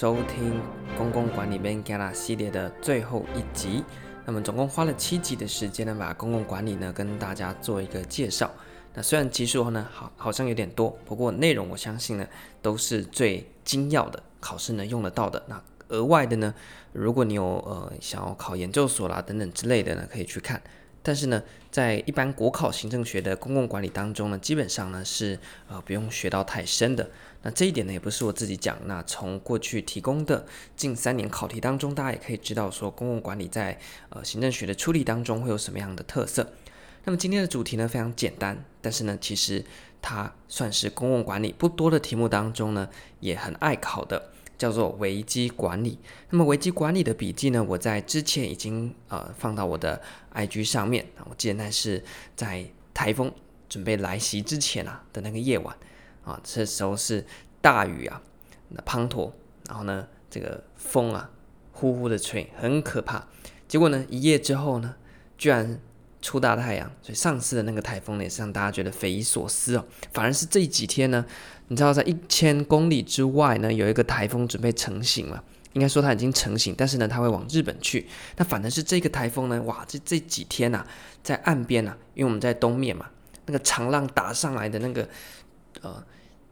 收聽公共管理免驚啦系列的最後一集，那麼總共花了七集的時間呢，把公共管理呢跟大家做一個介紹。那雖然集數的話呢，好好像有點多，不過內容我相信呢都是最精要的，考試能用得到的。那額外的呢，如果你有呃想要考研究所啦等等之類的呢，可以去看。但是呢，在一般國考行政學的公共管理當中呢，基本上呢是呃不用學到太深的。那這一點呢也不是我自己講，那從過去提供的近三年考題當中，大家也可以知道說公共管理在呃行政學的處理當中會有什麼樣的特色。那麼今天的主題呢非常簡單，但是呢其實它算是公共管理不多的題目當中呢也很愛考的。叫做危機管理。那麼危機管理的筆記呢，我在之前已經呃放到我的 IG 上面，我記得那是在颱風準備來襲之前啊的那個夜晚啊，這時候是大雨啊滂沱，然後呢這個風啊呼呼的吹，很可怕。結果呢一夜之後呢，居然。出大太陽，所以上次的那個台風呢也是讓大家覺得匪夷所思哦。反而是這幾天呢，你知道在一千公里之外呢，有一個台風準備成型了。應該說它已經成型，但是呢，它會往日本去。那反而是這個台風呢，哇，這這幾天吶，在岸邊吶，因為我們在東面嘛，那個長浪打上來的那個呃，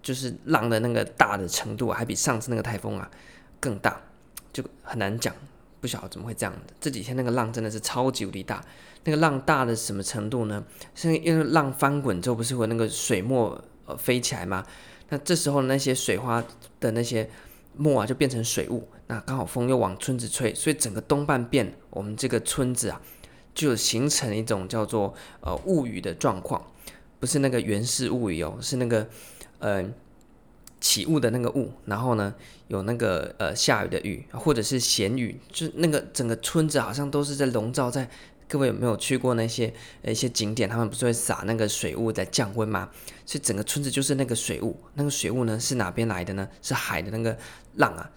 就是浪的那個大的程度啊還比上次那個台風啊更大，就很難講，不曉得怎麼會這樣的，這幾天那個浪真的是超級無敵大。那個浪大的什麼程度呢？因為浪翻滾之後不是會有那個水墨呃飛起來嗎？那這時候那些水花的那些墨啊就變成水霧。那剛好風又往村子吹，所以整個東半邊我們這個村子啊就形成一種叫做呃霧雨的狀況，不是那個原始霧雨哦，是那個嗯、呃、起霧的那個霧，然後呢有那個呃下雨的雨或者是鹹雨，就那個整個村子好像都是在籠罩在。各位有沒有去過那些一些景點？他們不是會撒那個水霧在降溫嗎?所以整個村子就是那個水霧。那個水霧呢是哪邊來的呢？是海的那個浪啊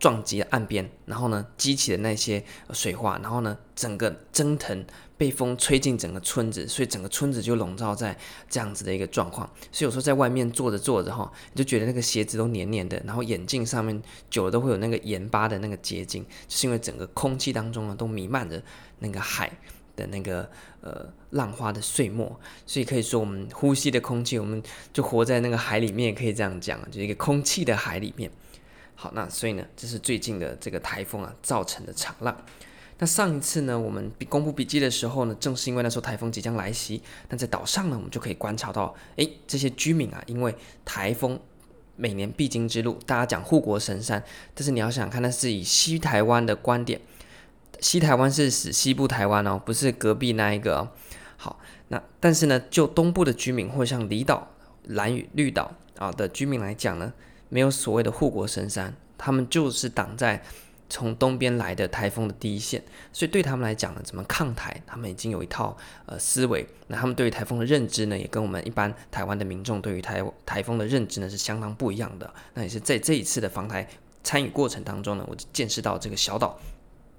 撞擊了岸邊，然後呢激起的那些水花，然後呢整個蒸騰被風吹進整個村子，所以整個村子就籠罩在這樣子的一個狀況。所以有時候在外面坐着坐着哈，你就覺得那個鞋子都黏黏的，然後眼鏡上面久了都會有那個鹽巴的那個結晶，就是因為整個空氣當中呢都瀰漫着那個海的那個呃浪花的碎末。所以可以說我們呼吸的空氣，我們就活在那個海裡面，可以這樣講，就是一個空氣的海裡面。好，那所以呢，這是最近的這個台風啊造成的長浪。那上一次呢，我們公布筆記的時候呢，正是因為那時候台風即將來襲，但在島上呢，我們就可以觀察到，哎、欸，這些居民啊，因為台風每年必經之路，大家講護國神山，但是你要想看，那是以西台灣的觀點。西台灣是指西部台灣哦、喔，不是隔壁那一個、喔。好，那但是呢，就東部的居民，或像離島蘭嶼綠島啊的居民來講呢，沒有所謂的護國神山，他們就是擋在從東邊來的台風的第一線。所以對他們來講呢，怎麼抗台，他們已經有一套呃思維。那他們對於台風的認知呢，也跟我們一般台灣的民眾對於台台風的認知呢是相當不一樣的。那也是在這一次的防台參與過程當中呢，我就見識到這個小島。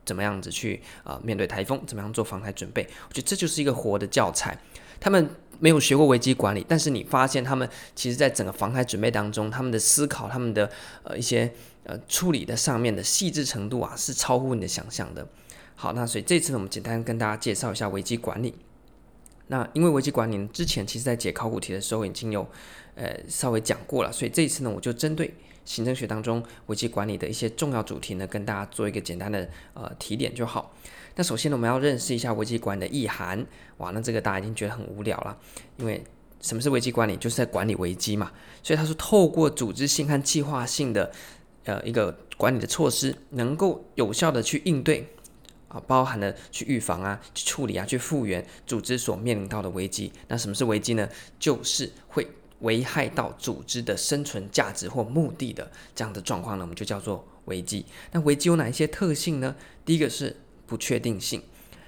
怎麼樣子去啊面對颱風？怎麼樣做防台準備？我覺得這就是一個活的教材。他們沒有學過危機管理，但是你發現他們其實，在整個防台準備當中，他們的思考、他們的呃一些呃處理的上面的細致程度啊，是超乎你的想象的。好，那所以這次呢，我們簡單跟大家介紹一下危機管理。那因為危機管理之前，其實在解考古題的時候已經有呃稍微講過了，所以這一次呢，我就針對。行政學當中危機管理的一些重要主題呢，跟大家做一個簡單的呃提點就好。那首先呢，我們要認識一下危機管理的意涵。哇，那這個大家已經覺得很無聊了，因為什麼是危機管理？就是在管理危機嘛。所以它是透過組織性和計劃性的呃一個管理的措施，能夠有效的去應對啊，包含了去預防啊、去處理啊、去復原組織所面臨到的危機。那什麼是危機呢？就是會。危害到組織的生存價值或目的的這樣的狀況呢，我們就叫做危機。那危機有哪一些特性呢？第一個是不確定性，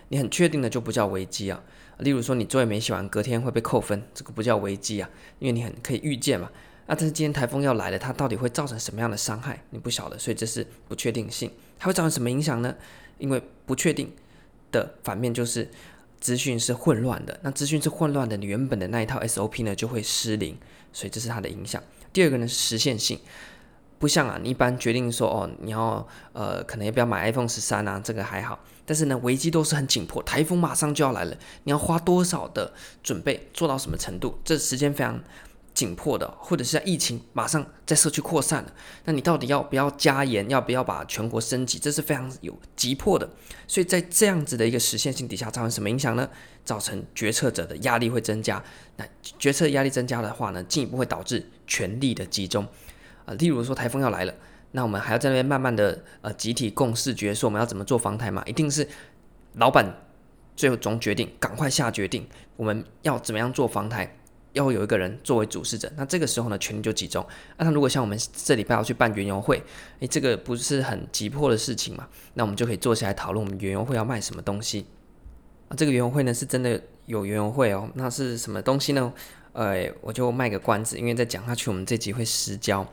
你很確定的就不叫危機啊。例如說你作業沒寫完，隔天會被扣分，這個不叫危機啊，因為你很可以預見嘛。啊，但是今天颱風要來了，它到底會造成什麼樣的傷害？你不曉得，所以這是不確定性。它會造成什麼影響呢？因為不確定的反面就是。資訊是混亂的，那資訊是混亂的，你原本的那一套 SOP 呢就會失靈，所以這是它的影響。第二個呢是實現性，不像啊，你一般決定說哦，你要呃，可能要不要買 iPhone 十三啊，這個還好。但是呢，危機都是很緊迫，台風馬上就要來了，你要花多少的準備，做到什麼程度，這時間非常，緊迫的，或者是在疫情馬上在社區擴散了，那你到底要不要加嚴？要不要把全國升級？這是非常有急迫的。所以，在這樣子的一個實現性底下，造成什麼影響呢？造成決策者的壓力會增加。那決策壓力增加的話呢，進一步會導致權力的集中。啊、呃，例如說台風要來了，那我們還要在那邊慢慢的呃集體共識決說我們要怎麼做防台嘛？一定是老闆最後總決定，趕快下決定，我們要怎麼樣做防台，要有一個人作為主事者，那這個時候呢，權力就集中。那他如果像我們這禮拜要去辦園遊會，誒、欸，這個不是很急迫的事情嘛，那我們就可以坐下來討論我們園遊會要賣什麼東西。啊，這個園遊會呢是真的有園遊會哦、喔，那是什麼東西呢？呃，我就賣個關子，因為再講下去我們這集會失焦。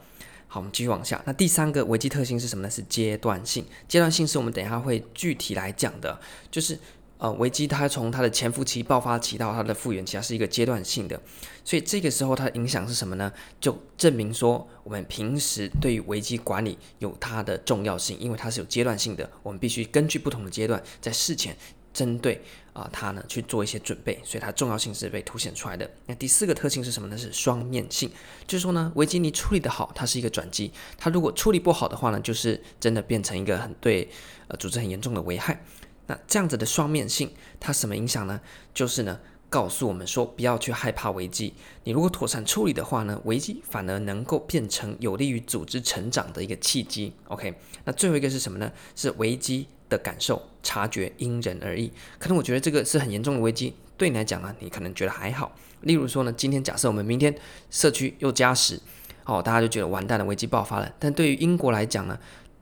好，我們繼續往下。那第三個危機特性是什麼呢？是階段性。階段性是我們等一下會具體來講的，就是。呃，危機它從它的潛伏期、爆發期到它的復原期，它是一個階段性的，所以這個時候它的影響是什麼呢？就證明說我們平時對於危機管理有它的重要性，因為它是有階段性的，我們必須根據不同的階段在事前針對啊它呢去做一些準備，所以它重要性是被凸顯出來的。那第四個特性是什麼呢？是雙面性，就是說呢，危機你處理得好，它是一個轉機；它如果處理不好的話呢，就是真的變成一個很對呃組織很嚴重的危害。那這樣子的雙面性，它什麼影響呢？就是呢，告訴我們說不要去害怕危機，你如果妥善處理的話呢，危機反而能夠變成有利於組織成長的一個契機。OK，那最後一個是什麼呢？是危機的感受、察覺因人而異。可能我覺得這個是很嚴重的危機，對你來講呢、啊，你可能覺得還好。例如說呢，今天假設我們明天社區又加十哦，大家就覺得完蛋了，危機爆發了。但對於英國來講呢？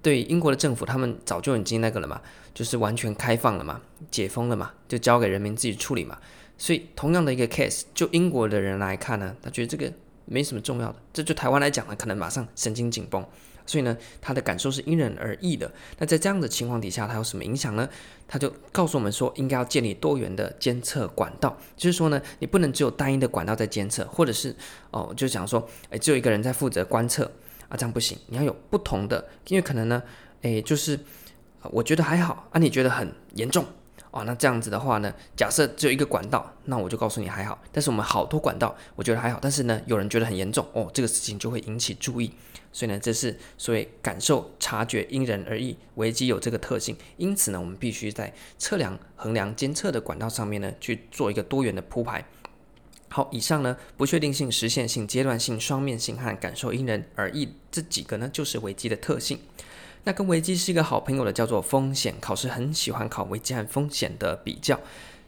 對英國的政府，他們早就已經那個了嘛，就是完全開放了嘛，解封了嘛，就交給人民自己處理嘛。所以同樣的一個 case，就英國的人來看呢，他覺得這個沒什麼重要的。這就台灣來講呢，可能馬上神經緊繃。所以呢，他的感受是因人而異的。那在這樣的情況底下，他有什麼影響呢？他就告訴我們說，應該要建立多元的監測管道，就是說呢，你不能只有單一的管道在監測，或者是哦，就想說，誒、哎，只有一個人在負責觀測。啊，這樣不行，你要有不同的，因為可能呢，誒、欸，就是，我覺得還好啊，你覺得很嚴重哦，那這樣子的話呢，假設只有一個管道，那我就告訴你還好，但是我們好多管道，我覺得還好，但是呢，有人覺得很嚴重哦，這個事情就會引起注意，所以呢，這是所謂感受、察覺因人而異，危機有這個特性，因此呢，我們必須在測量、衡量、監測的管道上面呢，去做一個多元的鋪排。好，以上呢，不確定性、實現性、階段性、雙面性和感受因人而異，這幾個呢就是危機的特性。那跟危機是一個好朋友的叫做風險，考試很喜歡考危機和風險的比較。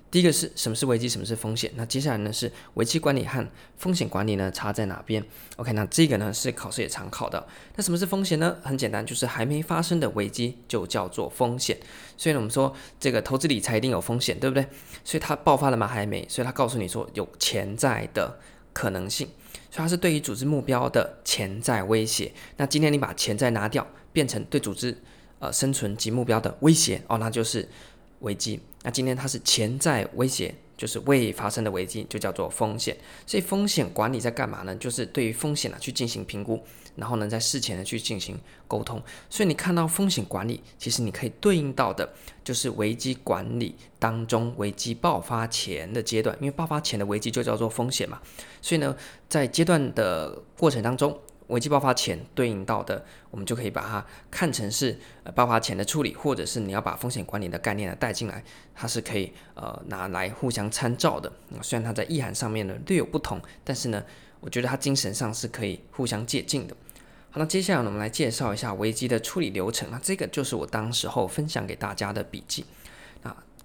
第一個是什麼是危機，什麼是風險？那接下來呢是危機管理和風險管理呢差在哪邊？OK，那這個呢是考試也常考的。那什麼是風險呢？很簡單，就是還沒發生的危機就叫做風險。所以呢，我們說這個投資理財一定有風險，對不對？所以它爆發了嗎？還沒，所以它告訴你說有潛在的可能性。所以它是對於組織目標的潛在威脅。那今天你把潛在拿掉，變成對組織呃生存及目標的威脅哦，那就是。危機，那今天它是潛在威脅，就是未發生的危機，就叫做風險。所以風險管理在幹嘛呢？就是對於風險呢去進行評估，然後呢在事前呢去進行溝通。所以你看到風險管理，其實你可以對應到的就是危機管理當中危機爆發前的階段，因為爆發前的危機就叫做風險嘛。所以呢，在階段的過程當中，危機爆發前對應到的，我們就可以把它看成是爆發前的處理，或者是你要把風險管理的概念呢帶進來，它是可以呃拿來互相參照的。那雖然它在意涵上面呢略有不同，但是呢，我覺得它精神上是可以互相接近的。好，那接下來呢，我們來介紹一下危機的處理流程。那這個就是我當時候分享給大家的筆記。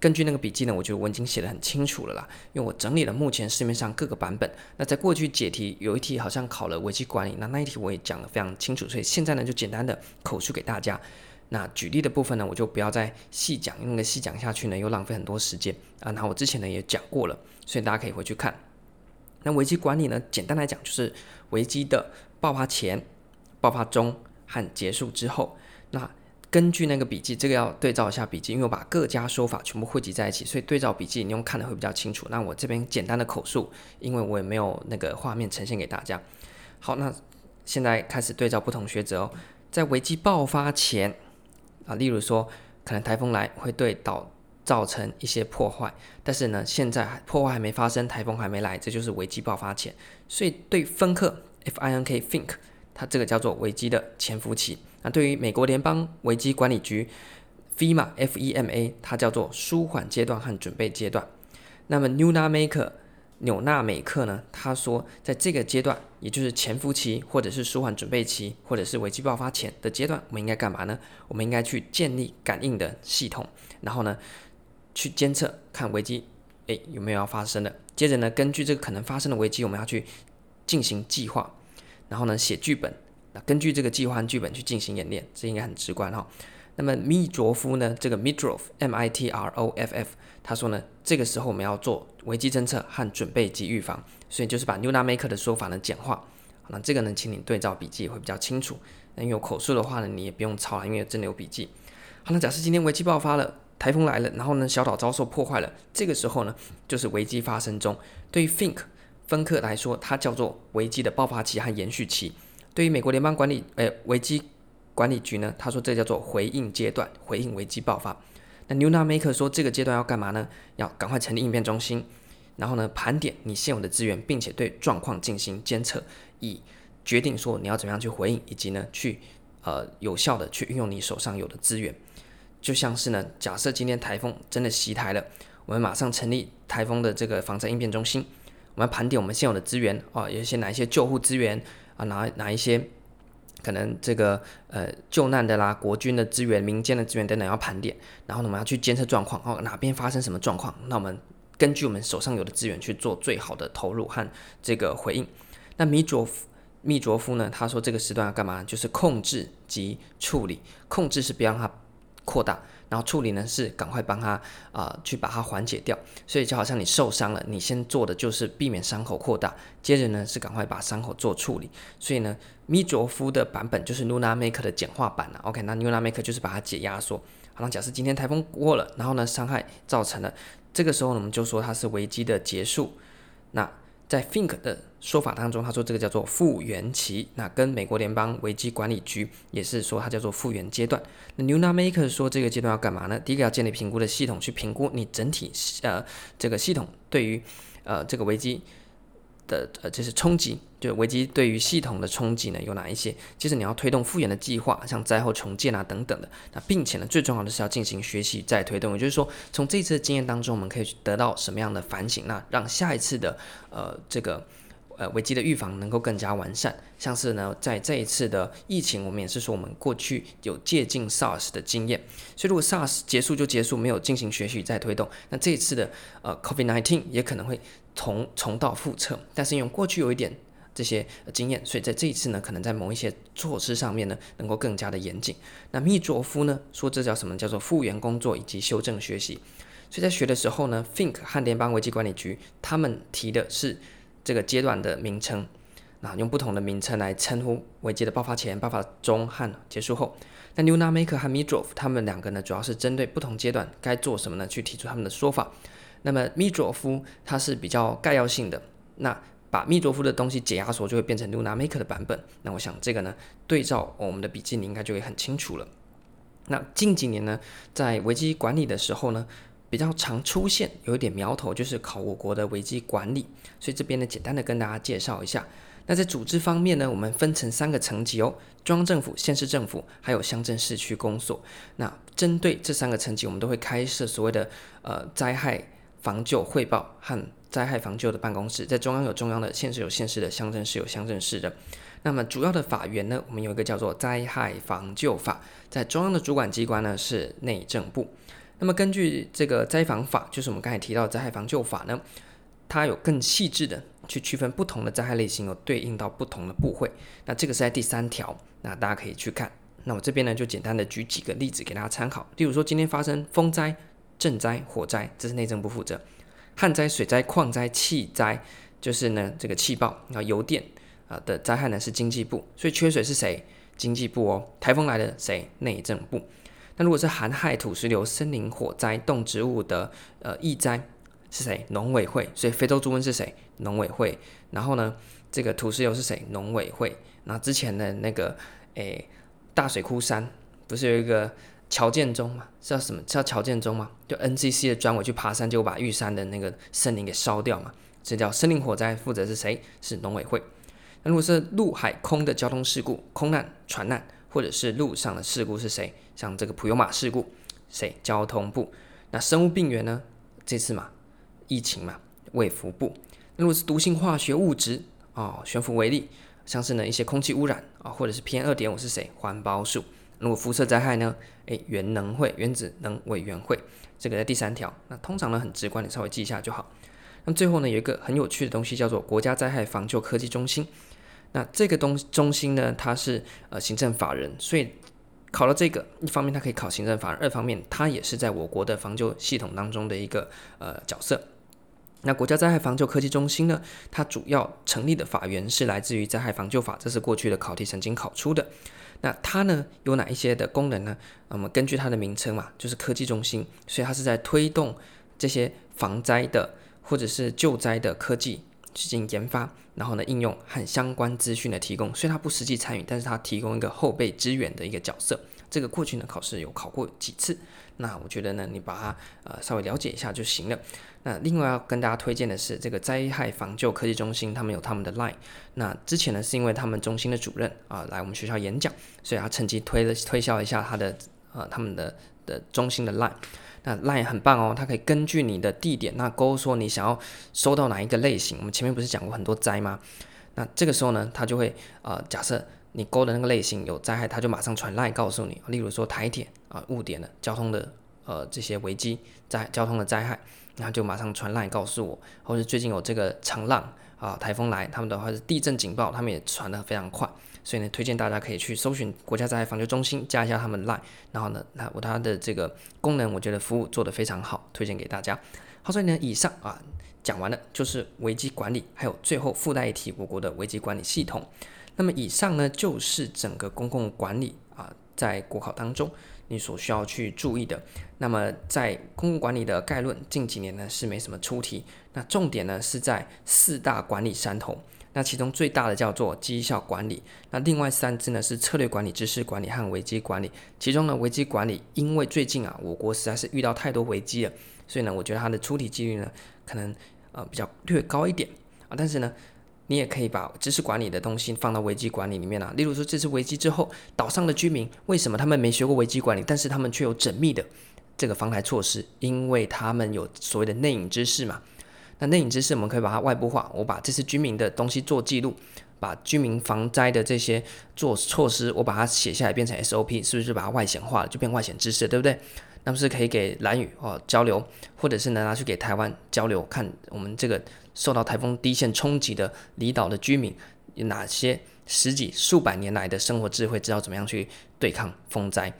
根據那個筆記呢，我覺得我已經寫得很清楚了啦，因為我整理了目前市面上各個版本。那在過去解題有一題好像考了危機管理，那那一題我也講得非常清楚，所以現在呢就簡單的口述給大家。那舉例的部分呢，我就不要再細講，因為細講下去呢又浪費很多時間啊。那我之前呢也講過了，所以大家可以回去看。那危機管理呢，簡單來講就是危機的爆發前、爆發中和結束之後。根據那個筆記，這個要對照一下筆記，因為我把各家說法全部匯集在一起，所以對照筆記，你用看的會比較清楚。那我這邊簡單的口述，因為我也沒有那個畫面呈現給大家。好，那現在開始對照不同學者哦，在危機爆發前啊，例如說可能台風來會對島造成一些破壞，但是呢，現在破壞還沒發生，台風還沒來，這就是危機爆發前。所以對芬克 （Fink），它這個叫做危機的潛伏期。那、啊、對於美國聯邦危機管理局 （FEMA），FEMA，F-E-M-A，它叫做舒緩階段和準備階段。那麼 Nunamaker 紐納美克）呢？他說，在這個階段，也就是潛伏期，或者是舒緩準備期，或者是危機爆發前的階段，我們應該幹嘛呢？我們應該去建立感應的系統，然後呢，去監測，看危機，哎，有沒有要發生的。接着呢，根據這個可能發生的危機，我們要去進行計劃，然後呢，寫劇本。那根據這個計劃和劇本去進行演練，這應該很直觀哈、哦。那麼米卓夫呢？這個 Mitroff，M-I-T-R-O-F-F，他說呢，這個時候我們要做危機偵測和準備及預防，所以就是把 Nunamaker 的說法呢簡化。那這個呢，請你對照筆記會比較清楚。那有口述的話呢，你也不用抄了，因為真的有筆記。好，那假設今天危機爆發了，颱風來了，然後呢，小島遭受破壞了，這個時候呢，就是危機發生中。對於 Fink 芬克來說，它叫做危機的爆發期和延續期。對於美國聯邦管理，呃，危機管理局呢，他說這叫做回應階段，回應危機爆發。那 Nunamaker 說這個階段要幹嘛呢？要趕快成立應變中心，然後呢，盤點你現有的資源，並且對狀況進行監測，以決定說你要怎麼樣去回應，以及呢去呃有效的去運用你手上有的資源。就像是呢，假設今天颱風真的襲台了，我們馬上成立颱風的這個防災應變中心，我們盤點我們現有的資源啊，哦，有一些哪一些救護資源。啊，哪哪一些可能這個呃救難的啦、國軍的資源、民間的資源等等要盤點，然後呢我們要去監測狀況，哦、啊、哪邊發生什麼狀況，那我們根據我們手上有的資源去做最好的投入和這個回應。那米卓夫、米卓夫呢？他說這個時段要幹嘛？就是控制及處理，控制是別讓他擴大，然後處理呢是趕快幫他啊、呃、去把它緩解掉，所以就好像你受傷了，你先做的就是避免傷口擴大，接着呢是趕快把傷口做處理。所以呢，米卓夫的版本就是 Nunamaker 的簡化版了、啊。OK，那 Nunamaker 就是把它解壓縮。好，那假設今天台風過了，然後呢傷害造成了，這個時候呢我們就說它是危機的結束。那在 Think 的說法當中，他說這個叫做復原期，那跟美國聯邦危機管理局也是說它叫做復原階段。那 Nunamaker 說這個階段要幹嘛呢？第一個要建立評估的系統，去評估你整體呃這個系統對於呃這個危機。呃，這是衝擊，就危機對於系統的衝擊呢，有哪一些？其實你要推動復原的計劃，像災後重建啊等等的。那並且呢，最重要的是要進行學習再推動。也就是說，從這次的經驗當中，我們可以得到什麼樣的反省？那讓下一次的呃這個。呃，危機的預防能夠更加完善。像是呢，在這一次的疫情，我們也是說我們過去有借鑑 SARS 的經驗。所以如果 SARS 結束就結束，沒有進行學習再推動，那這一次的呃 COVID-19 也可能會重重蹈覆轍。但是因為過去有一點這些經驗，所以在這一次呢，可能在某一些措施上面呢，能夠更加的嚴謹。那密佐夫呢說這叫什麼？叫做復原工作以及修正學習。所以在學的時候呢，Think 和聯邦危機管理局他們提的是。這個階段的名稱，那用不同的名稱來稱呼危機的爆發前、爆發中和結束後。那 Nunamaker 和 Mitroff 他們兩個呢，主要是針對不同階段該做什麼呢，去提出他們的說法。那麼 Mitroff 他是比較概要性的，那把 Mitroff 的東西解壓縮就會變成 Nunamaker 的版本。那我想這個呢，對照我們的筆記，你應該就會很清楚了。那近幾年呢，在危機管理的時候呢，比較常出現有一點苗頭，就是考我國的危機管理，所以這邊呢，簡單的跟大家介紹一下。那在組織方面呢，我們分成三個層級哦：中央政府、縣市政府，還有鄉鎮市區公所。那針對這三個層級，我們都會開設所謂的呃災害防救匯報和災害防救的辦公室。在中央有中央的，縣市有縣市的，鄉鎮市有鄉鎮市的。那麼主要的法源呢，我們有一個叫做《災害防救法》。在中央的主管機關呢是內政部。那麼根據這個災防法，就是我們剛才提到災害防救法呢，它有更細緻的去區分不同的災害類型，有對應到不同的部會。那這個是在第三條，那大家可以去看。那我這邊呢，就簡單的舉幾個例子給大家參考。例如說，今天發生風災、震災、火災，這是內政部負責；旱災、水災、礦災、氣災，就是呢這個氣爆，然後油電啊的災害呢是經濟部。所以缺水是誰？經濟部哦。台風來了誰？內政部。那如果是寒害土石流、森林火災、動植物的呃疫災是誰？農委會。所以非洲豬瘟是誰？農委會。然後呢，這個土石流是誰？農委會。那之前的那個誒、欸、大水窟山不是有一個喬建中嘛？知道什麼？知道喬建中嗎？就 NCC 的專委去爬山，就把玉山的那個森林給燒掉嘛？所以叫森林火災，負責是誰？是農委會。那如果是陸海空的交通事故、空難、船難？或者是路上的事故是誰？像這個普悠瑪事故，誰？交通部。那生物病原呢？這次嘛，疫情嘛，衛福部。那如果是毒性化學物質啊、哦，懸浮微粒，像是呢一些空氣汙染啊、哦，或者是 PM 二點五是誰？環保署。那如果輻射災害呢？誒，原能會，原子能委員會。這個在第三條。那通常呢很直觀，的，稍微記一下就好。那麼最後呢，有一個很有趣的東西，叫做國家災害防救科技中心。那這個東中心呢，它是呃行政法人，所以考了這個，一方面它可以考行政法人，二方面它也是在我國的防救系統當中的一個呃角色。那國家災害防救科技中心呢，它主要成立的法源是來自於災害防救法，這是過去的考題曾經考出的。那它呢有哪一些的功能呢？我、嗯、們根據它的名稱嘛，就是科技中心，所以它是在推動這些防災的或者是救災的科技。進行研發，然後呢，應用和相關資訊的提供，雖然它不實際參與，但是它提供一個後備資源的一個角色。這個過去呢，考試有考過幾次，那我覺得呢，你把它呃稍微了解一下就行了。那另外要跟大家推薦的是這個災害防救科技中心，他們有他們的 line。那之前呢，是因為他們中心的主任啊、呃、來我們學校演講，所以他趁機推了推銷一下他的啊、呃、他們的的中心的 line。那 LINE 很棒哦，它可以根據你的地點，那勾說你想要收到哪一個類型。我們前面不是講過很多災嗎？那這個時候呢，它就會呃，假設你勾的那個類型有災害，它就馬上傳 LINE 告訴你。例如說台鐵啊、誤、呃、點的交通的呃這些危機災、交通的災、呃、害，然後就馬上傳 LINE 告訴我。或者最近有這個長浪啊、台、呃、風來，他們的話是地震警報，他們也傳得非常快。所以呢，推薦大家可以去搜尋國家災害防救中心，加一下他們的 line。然後呢，那我它的這個功能，我覺得服務做得非常好，推薦給大家。好，所以呢，以上啊講完了，就是危機管理，還有最後附帶一題我國的危機管理系統。那麼以上呢，就是整個公共管理啊，在國考當中你所需要去注意的。那麼在公共管理的概論，近幾年呢是沒什麼出題，那重點呢是在四大管理山頭。那其中最大的叫做績效管理，那另外三支呢是策略管理、知識管理和危機管理。其中呢，危機管理，因為最近啊，我國實在是遇到太多危機了，所以呢，我覺得它的出題幾率呢，可能呃比較略高一點啊。但是呢，你也可以把知識管理的東西放到危機管理裡面啊。例如說，這次危機之後，島上的居民為什麼他們沒學過危機管理，但是他們卻有縝密的這個防台措施？因為他們有所謂的內隱知識嘛。那內隱知識我們可以把它外部化，我把這些居民的東西做記錄，把居民防災的這些做措施，我把它寫下來變成 SOP，是不是把它外顯化了，就變外顯知識，對不對？那不是可以給蘭嶼哦交流，或者是能拿去給台灣交流，看我們這個受到颱風第一線衝擊的離島的居民有哪些十幾數百年來的生活智慧，知道怎麼樣去對抗風災？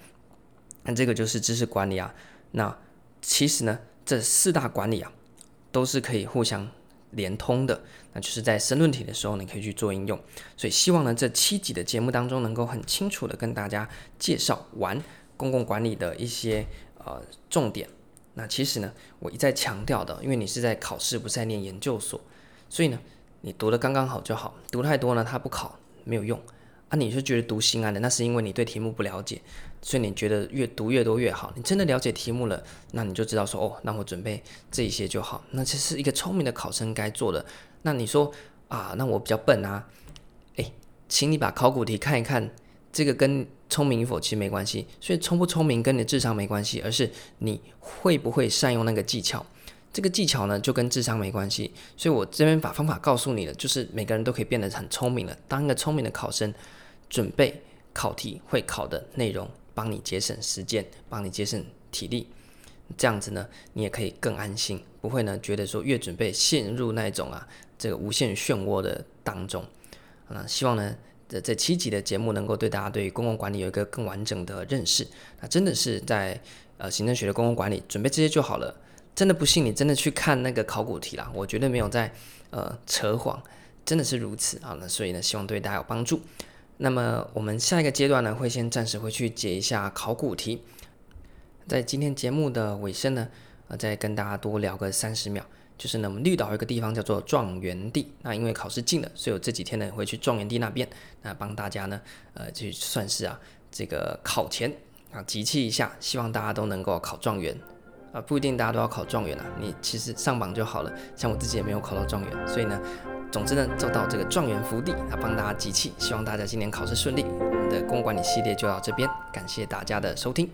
那這個就是知識管理啊。那其實呢，這四大管理啊，都是可以互相連通的，那就是在申論題的時候，你可以去做應用。所以希望呢，這七集的節目當中，能夠很清楚的跟大家介紹完公共管理的一些呃重點。那其實呢，我一再強調的，因為你是在考試，不是在念研究所，所以呢，你讀的剛剛好就好，讀太多呢，它不考，沒有用。那、啊、你是覺得讀心安的？那是因為你對題目不了解，所以你覺得越讀越多越好。你真的了解題目了，那你就知道說哦，那我準備這一些就好。那這是一個聰明的考生該做的。那你說啊，那我比較笨啊？誒，請你把考古題看一看。這個跟聰明與否其實沒關係，所以聰不聰明跟你的智商沒關係，而是你會不會善用那個技巧。這個技巧呢，就跟智商沒關係。所以我這邊把方法告訴你了，就是每個人都可以變得很聰明了，當一個聰明的考生。準備考題會考的內容，幫你節省時間，幫你節省體力，這樣子呢，你也可以更安心，不會呢覺得說，越準備陷入那種啊這個無限漩渦的當中啊。希望呢這這七集的節目能夠對大家對公共管理有一個更完整的認識啊，那真的是在呃行政學的公共管理準備這些就好了，真的不信你真的去看那個考古題啦，我絕對沒有在呃扯謊，真的是如此啊。那所以呢，希望對大家有幫助。那麼我們下一個階段呢，會先暫時回去解一下考古題，在今天節目的尾聲呢，呃，再跟大家多聊個三十秒。就是呢，我們綠島有一個地方叫做狀元地，那因為考試近了，所以我這幾天呢會去狀元地那邊，那幫大家呢，呃，去算是啊，這個考前啊，集氣一下，希望大家都能夠考狀元啊，不一定大家都要考狀元啊，你其實上榜就好了。像我自己也沒有考到狀元，所以呢。總之呢，做到這個狀元福地，啊，幫大家集氣，希望大家今年考試順利。我們的公共管理系列就到這邊，感謝大家的收聽。